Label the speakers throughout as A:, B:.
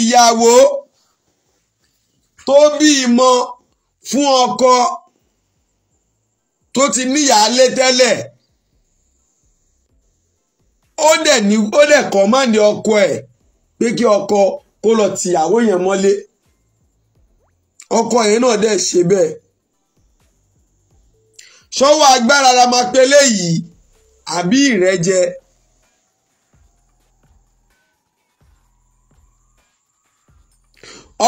A: ìyàwó tó bí ìmọ fún ọkọ tó ti níyàálé tẹ́lẹ̀ ó dẹ̀ ní ó dẹ̀ kọ́mándì ọkọ ẹ̀ pé kí ọkọ kó lọ tìyàwó yẹn mọ́lé ọkọ yẹn náà dẹ̀ ṣe bẹ́ẹ̀ ṣọwọ́ agbára la máa pe léyìí àbí ìrẹ́jẹ.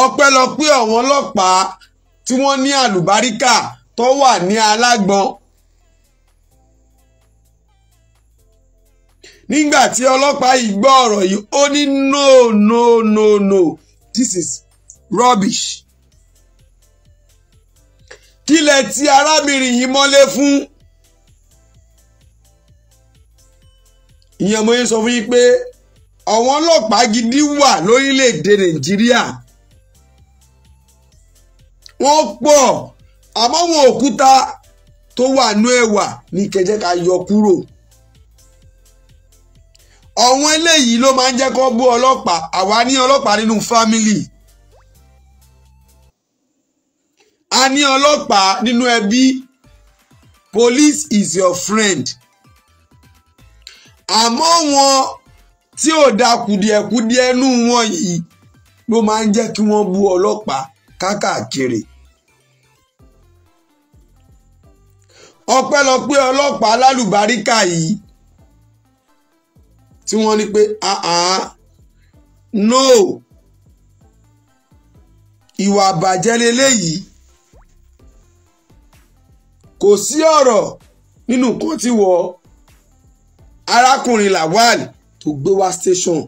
A: ọpẹ́lọpẹ́ àwọn ọlọ́pàá tí wọ́n ní àlùbáríkà tó wà ní alágbọn. nígbà tí ọlọ́pàá yìí gbọ́ ọ̀rọ̀ yìí ó ní no no no no this is rubbish. kí lẹ ti arábìnrin yìí mọ́lé fún. ìyẹn mo yín sọ fún yín pé àwọn ọlọ́pàá gidi wà lórílẹ̀‐èdè nàìjíríà wọ́n pọ̀ àmọ́ wọn òkúta tó wà nú ẹ̀wà ní kẹjẹ́ ká yọ kúrò ọ̀wọ́n eléyìí ló máa ń jẹ́ kó bú ọlọ́pàá àwa ní ọlọ́pàá nínú fámìlì a ní ọlọ́pàá nínú ẹbí police is your friend àmọ́ wọn tí ò da kùdìẹ̀kudìẹ̀ nú wọn yìí ló máa ń jẹ́ kí wọ́n bú ọlọ́pàá kákàkiri. ọpẹ́lọpẹ́ ọlọ́pàá alálùbáríkà yìí tí wọ́n ní pé no ìwà àbàjẹ́ leléyìí kò sí ọ̀rọ̀ nínú nǹkan tí wọ́n arákùnrin Lawal tó gbé wá station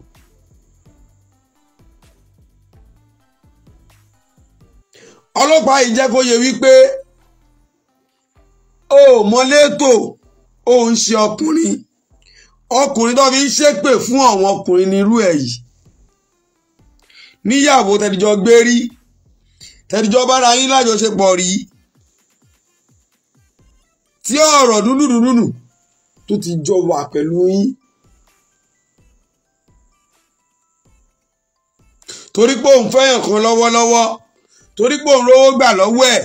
A: ọlọ́pàá yìí jẹ́ kó yẹ wípé o mọ́lẹ́tò o ń ṣe ọkùnrin ọkùnrin tó fi ń ṣépè fún àwọn ọkùnrin nírú ẹ̀ yìí níyàwó tẹ̀díjọ́ gbé rí tẹ̀díjọ́ bára yín lájọṣepọ̀ rí tí ọ̀rọ̀ dúdúdúdúdù tó ti jọ wà pẹ̀lú yín. torí pé òun fẹ́yàn kan lọ́wọ́lọ́wọ́ torí pé òun rówó gbà lọ́wọ́ ẹ̀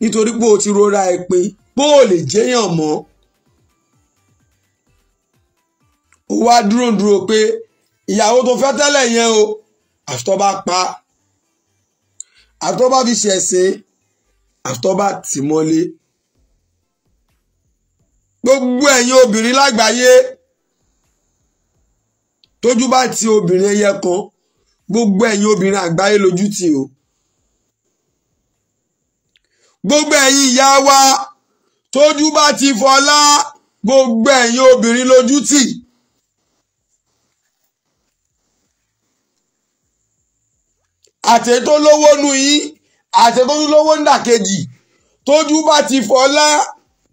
A: nítorí pé o ti rora ẹ pin bó o lè jẹ́yàn mọ́ ó wá dúró dúró pé ìyàwó tó fẹ́ tẹ́lẹ̀ yẹn o àfitọ́ pa àfitọ́ bá fi ṣẹ̀sìn àfitọ́ bá tì mọ́lé gbogbo ẹ̀yin obìnrin lágbàáyé tójú bá ti obìnrin ẹyẹ kan gbogbo ẹ̀yin obìnrin àgbáyé lójú tì o gbogbo ẹ̀yin ìyá wa tójú bá ti fọlá gbogbo ẹ̀yin obìnrin lójú tì. àtẹ tó lówó nu yín àtẹ tó tún lówó ńdàkejì tójú bá ti fọlá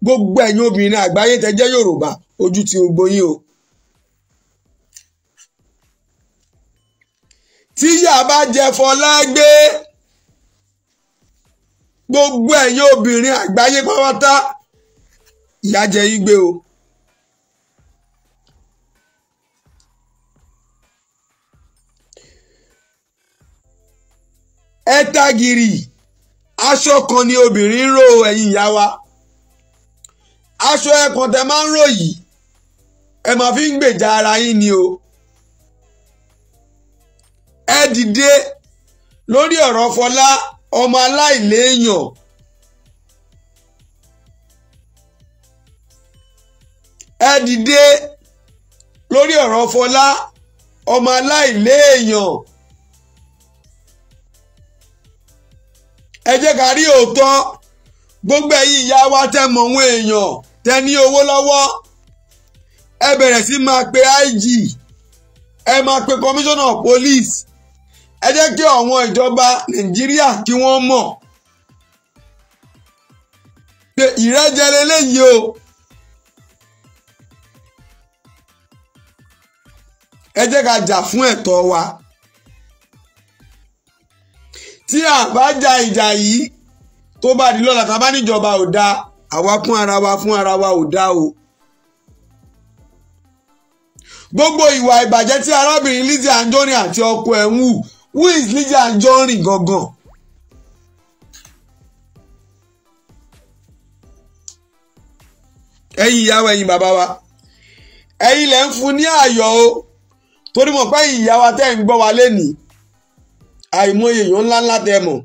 A: gbogbo ẹ̀yin obìnrin àgbáyé tẹ́jẹ́ Yorùbá ojú ti ogbó yín o. tíyà bá jẹ fọlá gbé gbogbo ẹyin obìnrin àgbáyé pátá ìyá jẹ yín gbé o. ẹ̀tàgìrì aṣọ kan ni obìnrin ń ró ẹ̀yin ìyá wa aṣọ ẹ̀kàn tẹ máa ń ró yìí ẹ máa fi ń gbèjà ara yín ni o. ẹ dìde lórí ọ̀rọ̀ Fọlá ọmọ aláìléèyàn ẹ dìde lórí ọ̀rọ̀ Fọlá ọmọ aláìléèyàn ẹ jẹ́ ká rí òótọ́ gbogbo ẹ̀yin ìyá wa tẹ́ mọ̀ ohun èèyàn tẹ́ ní owó lọ́wọ́ ẹ bẹ̀rẹ̀ sí pe IG ẹ máa pe komisanna police ẹ jẹ́ kí àwọn ìjọba nàìjíríà kí wọ́n mọ̀ pé ìrẹ́jẹ lélẹ́yìí o ẹ jẹ́ ká jà fún ẹ̀tọ́ wa tí a bá ja ìjà yìí tó bá di lọ́la tá a bá níjọba ò dáa àwa fún ara wa fún ara wa ò dáa o gbogbo ìwà ìbàjẹ́ tí arábìnrin Lizzy Anjorin àti ọkọ ẹ̀ ń hù who is Lizzy Anjorin gangan. ẹ̀yin ìyàwó ẹ̀yin bàbá wa ẹ̀yin lẹ ń fún ní ayọ̀ o torí mọ̀ pé ìyá wa tẹ́ ń gbọ́ wa lénìí àìmọye èèyàn ńláńlá tẹ́ mọ̀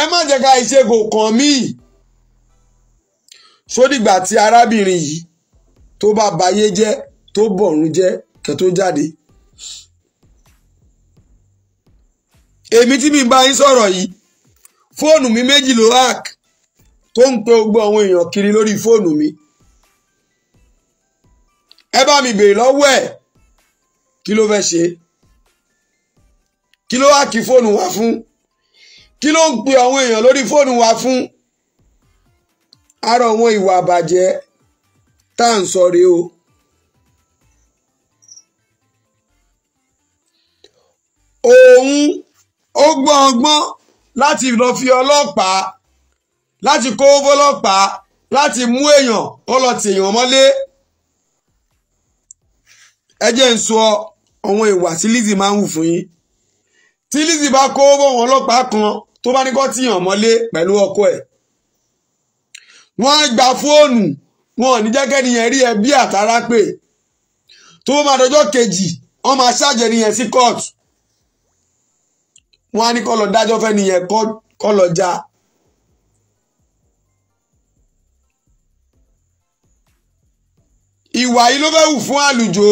A: ẹ má jẹ́ ká ìṣègùn kàn míì sódìgbà tí arábìnrin yìí tó bá bayé jẹ́ tó bọ̀rún jẹ́ kẹ́ jáde èmi tí mi bá yín sọ̀rọ̀ yìí fóònù mi méjì ló hack tó ń pe gbogbo àwọn èèyàn kiri lórí fóònù mi ẹ bá mi bèrè lọ́wọ́ ẹ̀ kí ló fẹ́ ṣe kí ló hack fóònù wa fún kí ló ń pe àwọn èèyàn lórí fóònù wa fún àrò àwọn ìwà àbàjẹ́ tá à ń sọ rèé o. òun ó gbọ́n ọgbọ́n láti lọ fi ọlọ́pàá láti kó fọlọ́pàá láti mú èèyàn ó lọ tì èèyàn mọ́lé ẹ jẹ́ ń sọ àwọn ìwà tí Lizzy máa ń hù fún yín tí Lizzy bá kó fọwọn ọlọ́pàá kan tó bá ní kó tìyàn mọ́lé pẹ̀lú ọkọ ẹ̀ wọ́n á gba fóònù wọn ò ní jẹ́ kẹ́niyẹn rí ẹbí àtàrà pé tó bá dọjọ́ kejì wọ́n máa ṣàjẹ́ nìyẹn sí kóòtù wọ́n á ní kọ́ lọ dájọ́ fẹ́ nìyẹn kọ́ lọ já. ìwà yìí ló fẹ́ wù fún àlùjò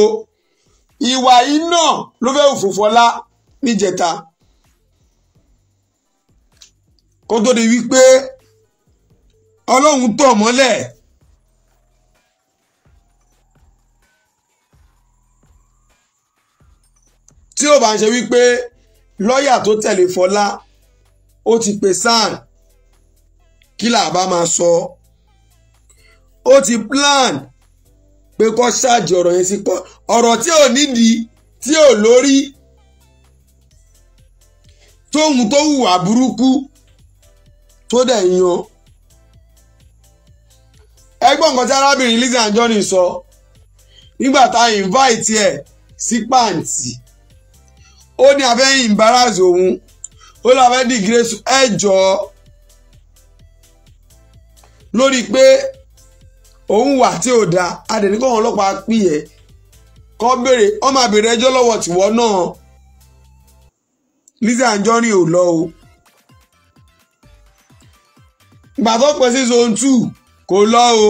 A: ìwà yìí náà ló fẹ́ wù fún Fọlá níjẹta kó tó di wípé Ọlọ́run tọ̀ mọ́lẹ̀. tí ó bá ń ṣe wípé lọ́ọ̀yà tó tẹ̀lé Fọlá ó ti pe SAN kí là bá máa sọ ó ti plan pé kó ṣáàjì ọ̀rọ̀ yẹn sí pọ̀ ọ̀rọ̀ tí ò nídìí tí ò lórí tóun tó hùwà burúkú tó dẹ̀ yan ẹgbọ́n nǹkan tí arábìnrin Lizzy Anjorin sọ nígbà tá a invite ẹ̀ sí pàǹtì. Si ó ní a fẹ́ embarrass òun ó ní a fẹ́ disgrace ẹ jọ lórí pé òun wà tí ò dáa adẹ̀nikọ́ àwọn ọlọ́pàá pín yẹn kọ́ béèrè ọmọ àbèrè ẹjọ́ lọ́wọ́ tìwọ́ náà Lizzy Anjorin ò lọ o ìgbà tó pẹ́ sí zone two kò lọ o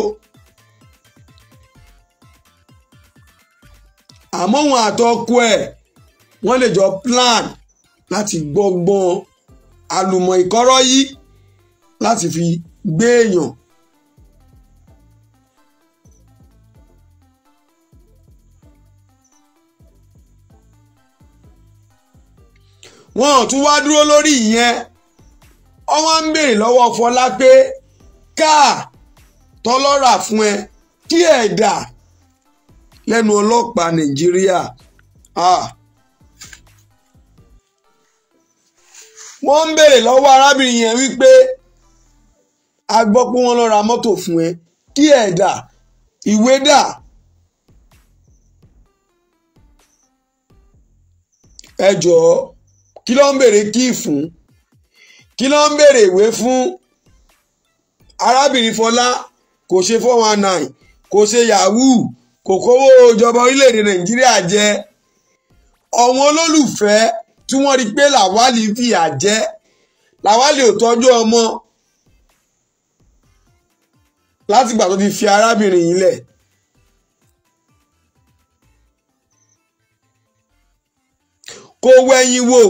A: àmọ́ òun àtọkù ẹ̀ wọ́n lè jọ plan láti gbọ́gbọ́n àlùmọ̀ ìkọ́rọ́ yìí láti fi gbé èèyàn. wọn ò tún wá dúró lórí ìyẹn ọwọ́ ń béèrè lọ́wọ́ Fọlá pé káà tọ́lọ́rà fún ẹ kí ẹ̀ dà lẹ́nu ọlọ́pàá Nàìjíríà. Ah. wọ́n ń béèrè lọ́wọ́ arábìnrin yẹn wípé a gbọ́ pé wọ́n lọ ra mọ́tò fún ẹ kí ẹ̀ dà ìwé dà ẹ jọ̀ọ́ kí ló ń béèrè kí fún kí ló ń béèrè ìwé fún arábìnrin Fọlá kò ṣe four one nine kò ṣe yahoo kò kówó ìjọba orílẹ̀-èdè Nàìjíríà jẹ ọ̀wọ́n olólùfẹ́ tí wọ́n rí pé làwálì fìyà jẹ làwálì ò tọ́jú ọmọ látìgbà tó ti fi arábìnrin yìí lẹ̀. kó wẹ́yìn wò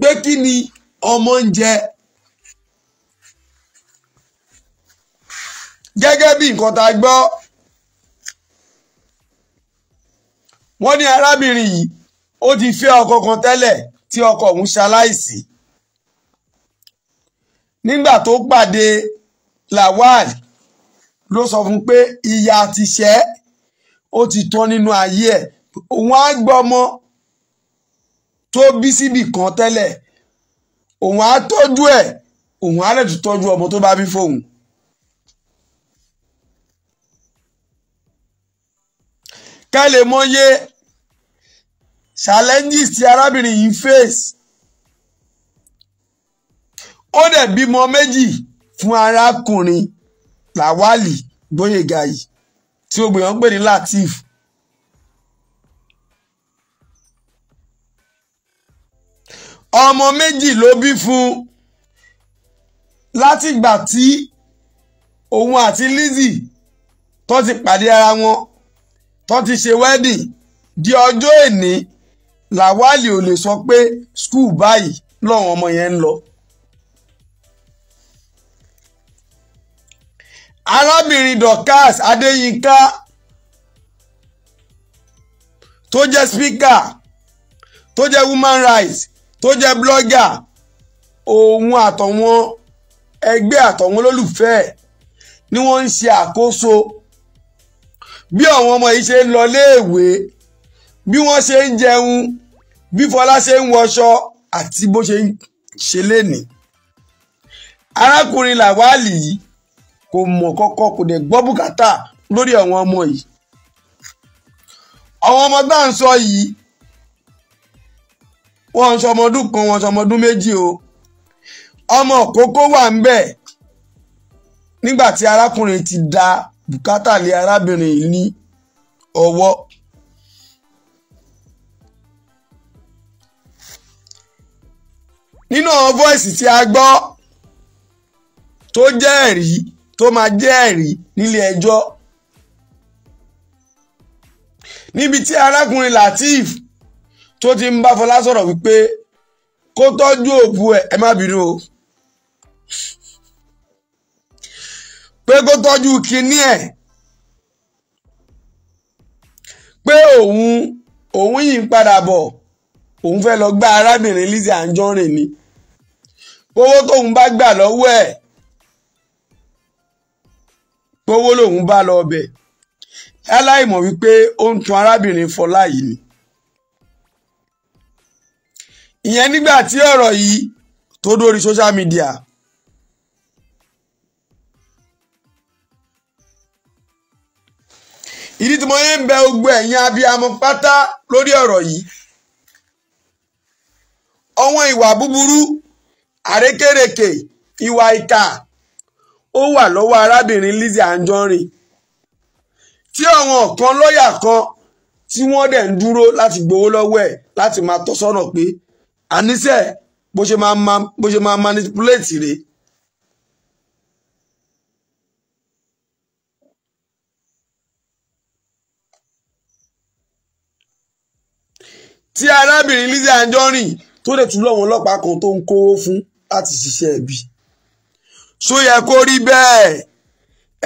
A: pé kí ni ọmọ ń jẹ. gẹ́gẹ́ bí nǹkan tá a gbọ́ wọ́n ní arábìnrin yìí ó ti fẹ́ ọkọ kan tẹ́lẹ̀ tí ọkọ ọ̀hún ṣaláìsí nígbà tó pàdé Lawal ló sọ fún pé ìyà àti ìṣẹ́ ó ti tán nínú ayé ẹ̀ òun á gbọ́ ọmọ tó bí síbì kan tẹ́lẹ̀ òun á tọ́jú ẹ̀ òun á lè tún tọ́jú ọmọ tó bá bí fóun. ká lè mọyé challenges tí arábìnrin yìí face ó dẹ̀ bímọ méjì fún arákùnrin lawali gbóyèga yìí tí ó gbìyànjú pè ní latif ọmọ méjì ló bí fún látìgbà tí òun àti Lizzy tó ti pàdé ara wọn tó ti ṣe wedding di ọjọ́ èní làwálì ò lè sọ pé skul báyìí lọ́wọ́n ọmọ yẹn ń lọ. arábìnrin dorcas adéyínká tó jẹ́ spíkà tó jẹ́ woman rights tó jẹ́ blọ́gà òun àtọ̀wọn ẹgbẹ́ àtọ̀wọn olólùfẹ́ ni wọ́n ń ṣe àkóso bí àwọn ọmọ yìí ṣe ń lọ léèwé bí wọ́n ṣe ń jẹun bí Fọlá ṣe ń wọṣọ àti bó ṣe ń ṣe lénìí arákùnrin Làwálì yìí kò mọ̀ kọ́kọ́ kò dẹ̀ gbọ́ bùkátà lórí àwọn ọmọ yìí àwọn ọmọ tá ń sọ yìí wọ́n ń sọmọ ọdún kan wọ́n ń sọmọ ọdún méjì o ọmọ kókó wà ń bẹ̀ nígbà tí arákùnrin ti da bùkátà lé arábìnrin yìí ní ọwọ́. nínú àwọn voice tí a gbọ́ tó jẹ́ ẹ̀rí tó máa jẹ́ ẹ̀rí nílé ẹjọ́ níbi tí arákùnrin Lateef tó ti ń bá Fọlá sọ̀rọ̀ wípé kó tọ́jú òbu ẹ̀ ẹ má bínú o pé kó tọ́jú kinní ẹ̀ pé òun òun yìí ń padà bọ̀ òun fẹ́ lọ gba arábìnrin Lizzy Anjorin ni owó tóun bá gbà lọ́wọ́ ẹ̀ gbowó lòun bá lọ ọbẹ̀ aláìmọ̀ wípé ó ń tún arábìnrin Fọlá yìí ni ìyẹn nígbà tí ọ̀rọ̀ yìí tó dórí social media ìdí tí mo yẹ ń bẹ gbogbo ẹ̀yin abiyamọ pátá lórí ọ̀rọ̀ yìí ọ̀wọ́n ìwà búburú àrékèrèkè ìwà ìkà ó wà lọ́wọ́ arábìnrin Lizzy Anjorin tí àwọn kan lọ́ọ̀yà kan tí wọ́n dẹ̀ ń dúró láti gbowó lọ́wọ́ ẹ̀ láti máa tọ́ sọ́nà pé àníṣe bó ṣe máa bó ṣe máa manipulate rèé. tí arábìnrin Lizzy Anjorin tó lè tún lọ́wọ́n ọlọ́pàá kan tó ń kówó fún láti ṣiṣẹ́ ẹbí ṣó yẹ kó rí bẹ́ẹ̀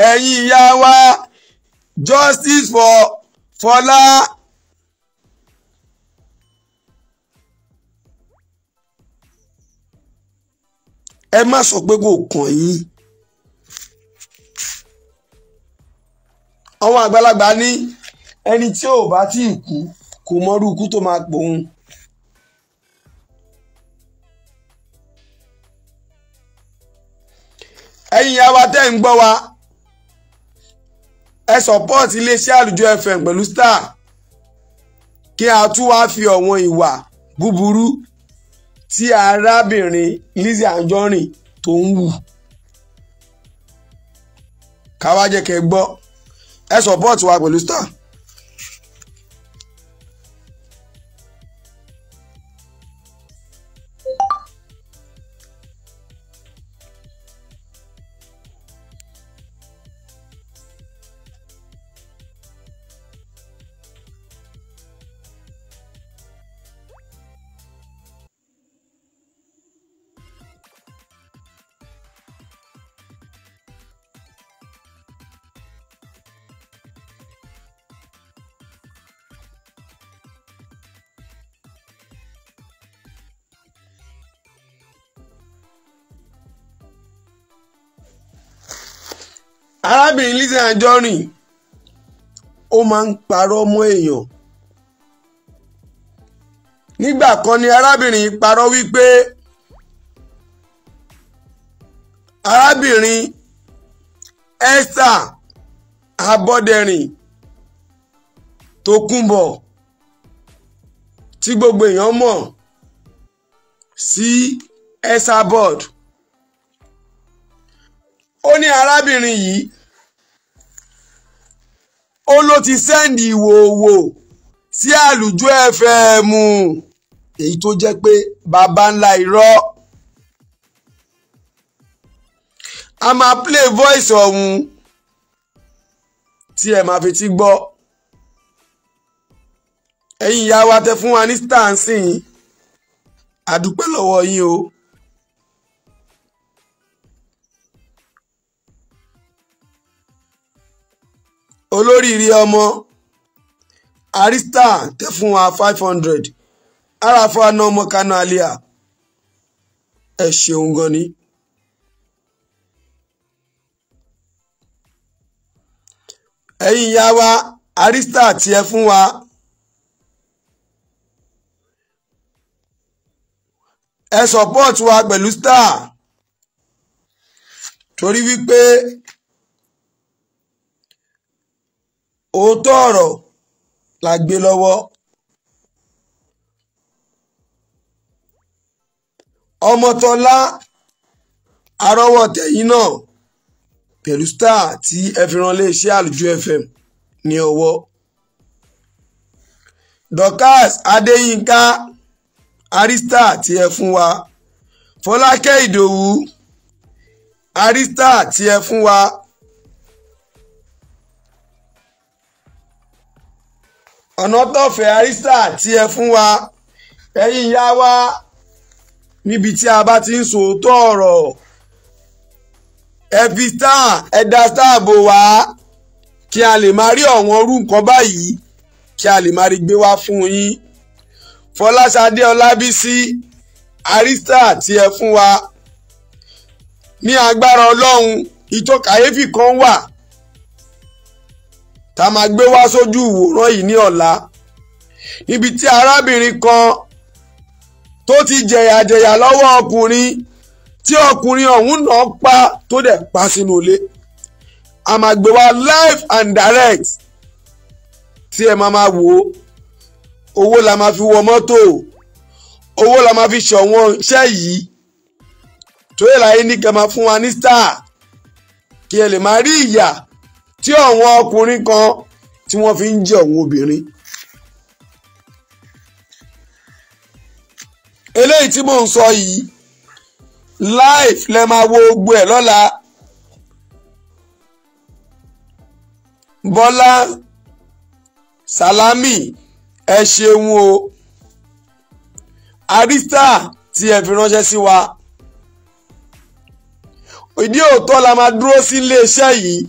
A: ẹ̀yin ìyá wa justice for Fọlá. ẹ má sọ pé kò kàn yín àwọn àgbàlagbà ní ẹni tí ò bá tí ì kú kò mọrú ikú tó máa pòun ẹ̀yin ìyá wa tẹ́ ń gbọ́ wa ẹ sọ́pọ́ọ̀tì iléeṣẹ́ àlùjọ fm pẹ̀lú star kí a tún wá fi ọ̀wọ́n ìwà búburú tí arábìnrin Lizzy Anjorin tó ń wù ká jẹ́ kẹ́ gbọ́ ẹ sọ́pọ́ọ̀tì wa pẹ̀lú star. arábìnrin Lizzy Anjorin ó máa ń parọ́ mọ́ èèyàn nígbà kan ni arábìnrin parọ́ wípé arábìnrin Esther Abọ́dẹ̀rìn Tókunbọ̀ tí gbogbo èèyàn mọ̀ sí Esther board ó ní arábìnrin yìí ó ló ti sẹ́ndì ìwòwò sí àlùjọ fm èyí tó jẹ́ pé baba ńlá irọ́ a máa play voice ọ̀hún tí ẹ máa fi ti gbọ́ ẹ̀yin ìyá wa tẹ fún wa ní stansin a lọ́wọ́ yín o. olóríire ọmọ arista tẹ fún wa five hundred arafa náà ọmọ kanu alia ẹ ṣeun gan ni. ẹ̀yin ìyá wa arista tí ẹ fún wa ẹ support wa pẹ̀lú star torí wípé òótọ́ ọ̀rọ̀ la gbé lọ́wọ́ ọmọtọ́lá arọ́wọ́ tẹ̀yìn náà pẹ̀lú star tí ẹ fi ran iléeṣẹ́ àlùjọ fm ní ọwọ́ dorcas adéyínká arista tí ẹ fún wa fọlákẹ́ ìdòwú arista tí ẹ fún wa ọ̀nàtọ̀fẹ́ àrísà tí ẹ fún wa ẹ̀yin yá wa níbi tí a bá ti ń sòótọ́ ọ̀rọ̀ ẹ fi tán ẹ da star bò wá kí a lè máa rí ọ̀wọ́n orú nǹkan báyìí kí a lè máa rí gbé wá fún yín fọláṣadé ọlábísí àrísà tí ẹ fún wa ní agbára ọlọ́run ìtọ́kàyéfì kan wà tá a máa gbé wá sójú ìwòran yìí ní ọ̀la níbi tí arábìnrin kan tó ti jẹ̀yàjẹ̀yà lọ́wọ́ ọkùnrin tí ọkùnrin ọ̀hún náà pa tó dẹ̀ pa sínú ilé a máa gbé wá live and direct tí ẹ máa máa wò ó owó la máa fi wọ mọ́tò owó la máa fi ṣọ̀wọ́n iṣẹ́ yìí tóyè láyé ní kẹ́ máa fún wa ní star kí ẹ lè máa rí ìyà tí àwọn ọkùnrin kan tí wọ́n fi ń jẹ òun obìnrin. eléyìí tí mò ń sọ yìí life lẹ máa wo gbogbo ẹ̀ lọ́la Bọ́lá Salami ẹ ṣeun o arista tí ẹ fi ránṣẹ́ sí wa ìdí òótọ́ la máa dúró sí iléeṣẹ́ yìí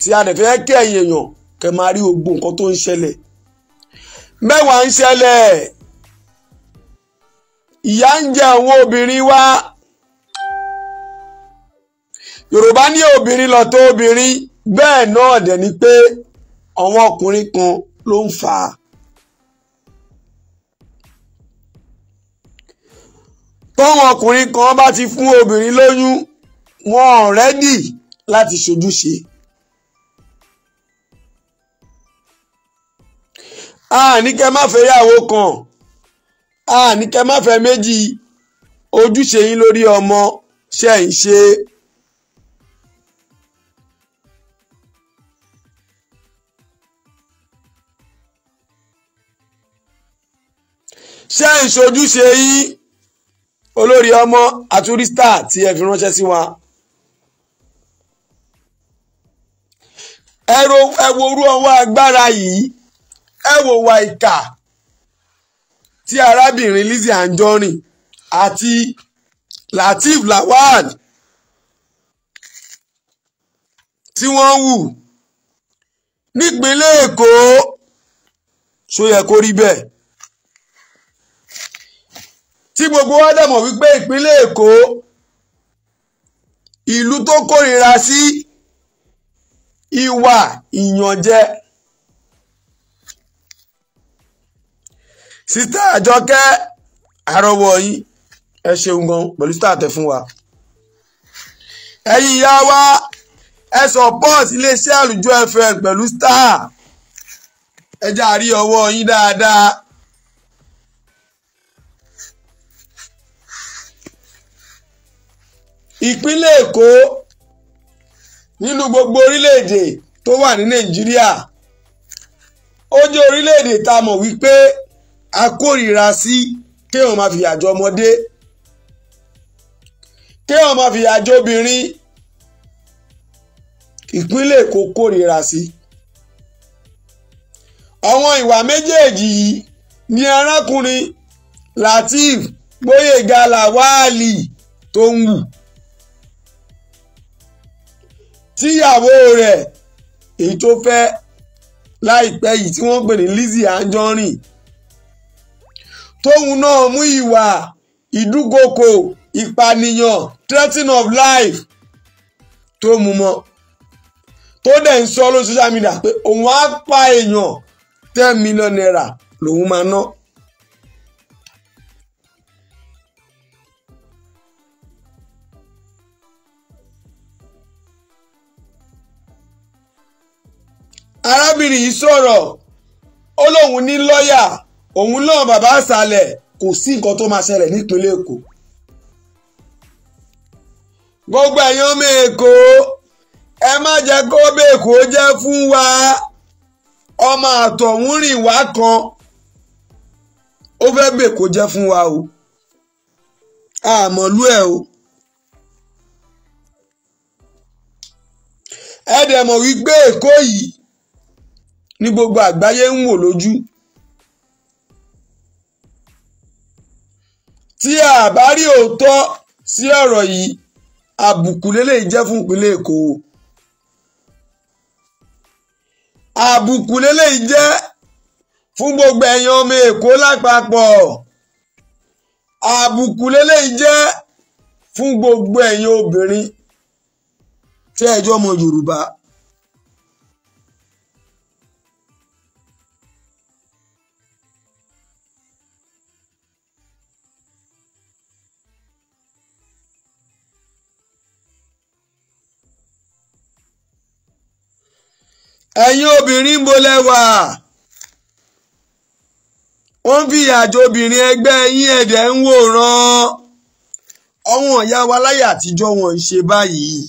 A: tí a dẹ̀ fẹ́ kí ẹ̀yin èèyàn kẹ́ máa rí gbogbo nǹkan tó ń ṣẹlẹ̀ mẹ́wàá ń ṣẹlẹ̀ ìyà ń jẹ àwọn obìnrin wa Yorùbá ní obìnrin lọ́tọ̀ obìnrin bẹ́ẹ̀ náà dẹ̀ ni pé àwọn ọkùnrin kan ló ń fà á. tọ́wọn ọkùnrin kan bá ti fún obìnrin lóyún wọn ọ̀rẹ́dì láti ṣojúṣe. àní kẹ́ má fẹ́ yàwó kan àní kẹ́ má fẹ́ méjì ojúṣe yín lórí ọmọ ṣe ń ṣe. ṣe ń ṣojúṣe yín olórí ọmọ àtúrísítà tí ẹ fi ránṣẹ́ sí wa. ẹ wo orú ọwọ́ agbára yìí ẹ wò wà ìkà tí arábìnrin Lizzy Anjorin àti Lateef Lawal tí wọ́n hù nípínlẹ̀ Èkó ṣó yẹ kó rí bẹ́ẹ̀ tí gbogbo wa dẹ̀ wípé ìpínlẹ̀ Èkó ìlú tó kórìíra sí ìwà ìyànjẹ. Si, sítá àjọkẹ́ àrọwọ yín ẹ ṣeun gan pẹ̀lú sítá àtẹ fún wa ẹ̀yin ìyá wa ẹ support iléeṣẹ́ àlùjọ fm pẹ̀lú star ẹ já rí ọwọ́ yín dáadáa. ìpínlẹ̀ èkó nínú gbogbo orílẹ̀-èdè tó wà ní nàìjíríà ó jẹ́ orílẹ̀-èdè tá a mọ̀ wípé a kórìíra sí kéèyàn máa fìyà jọ ọmọdé kéèyàn máa fìyà jọ obìnrin ìpínlẹ̀ Èkó kórìíra sí. àwọn ìwà méjèèjì yìí ni arákùnrin Lateef Gbóyèga Lawali tó ń wù tíyàwó rẹ̀ èyí tó fẹ́ láìpẹ́ yìí tí wọ́n pè ní Lizzy Anjorin tóun náà mú ìwà ìdúgokò ìpànìyàn threatening of life tó mú mọ́ tó dẹ̀ ń sọ lórí social media pé òun á pa èèyàn ten million naira lòun máa ná. arábìnrin yìí sọ̀rọ̀ ó lóun ní lọ́ọ̀yà òun náà bàbá àṣàlẹ̀ kò sí nǹkan tó máa ṣẹlẹ̀ nípínlẹ̀ èkó gbogbo ẹ̀yin ọmọ èkó ẹ má jẹ́ kó bèèkó jẹ́ fún wa ọmọ àtọ̀hún rìn wá kan ó fẹ́ bèèkó jẹ́ fún wa o àmọ́lú ẹ̀ o. ẹ dẹ̀ mọ̀ wípé èkó yìí ni gbogbo àgbáyé ń wò lójú. tí a bá rí òótọ́ sí ọ̀rọ̀ yìí àbùkù lélẹ́yìí jẹ́ fún ìpínlẹ̀ Èkó àbùkù lélẹ́yìí jẹ́ fún gbogbo ẹ̀yàn ọmọ Èkó lápapọ̀ àbùkù lélẹ́yìí jẹ́ fún gbogbo ẹ̀yàn obìnrin tí ẹjọ́ ọmọ Yorùbá. ẹ̀yin obìnrin ń bolẹ̀ wà wọ́n fi àjò obìnrin ẹgbẹ́ yín ẹ̀dẹ̀ ń wòran ọ̀wọ́n ìyá wa láyé àtijọ́ wọn ń ṣe báyìí.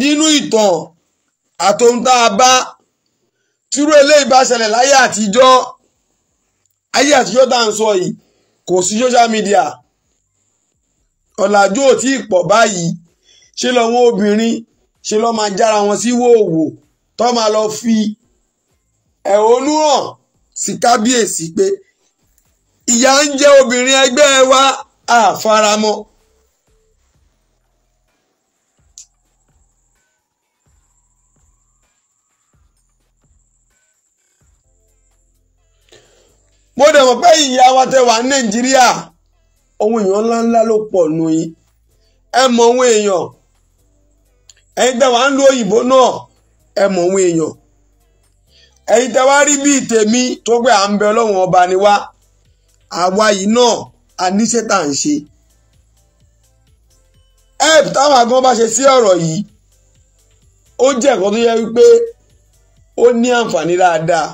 A: nínú ìtàn àtohun tá a bá tírú eléyìí bá ṣẹlẹ̀ láyé àtijọ́ ayé àtijọ́ tá à ń sọ yìí kò sí social media ọ̀làjú ò tí ì pọ̀ báyìí ṣe lọ́wọ́ obìnrin ṣe lọ́ máa jára wọn sí wòówò tó máa lọ fi ẹ̀hónú hàn sí kábíyèsí pé ìyà ń jẹ obìnrin ẹgbẹ́ wa àfaramọ́. mo dẹ̀ mọ̀ pé ìyá wa tẹ wà ní nàìjíríà ohun èèyàn ńláńlá ló pọ̀ nù yín ẹ mọ ohun èèyàn ẹ̀yin tẹ́ wàá ń lo òyìnbó náà ẹ mọ̀ òun èèyàn ẹ̀yin tẹ́ wàá rí bíi tèmi tó pé à ń bẹ ọlọ́run ọba ni wá àwa yìí náà a níṣẹ́ tá ń ṣe help táwọn àgbọn bá ṣe sí ọ̀rọ̀ yìí ó jẹ́ ẹ̀kọ́ tó yẹ wípé ó ní àǹfààní dáadáa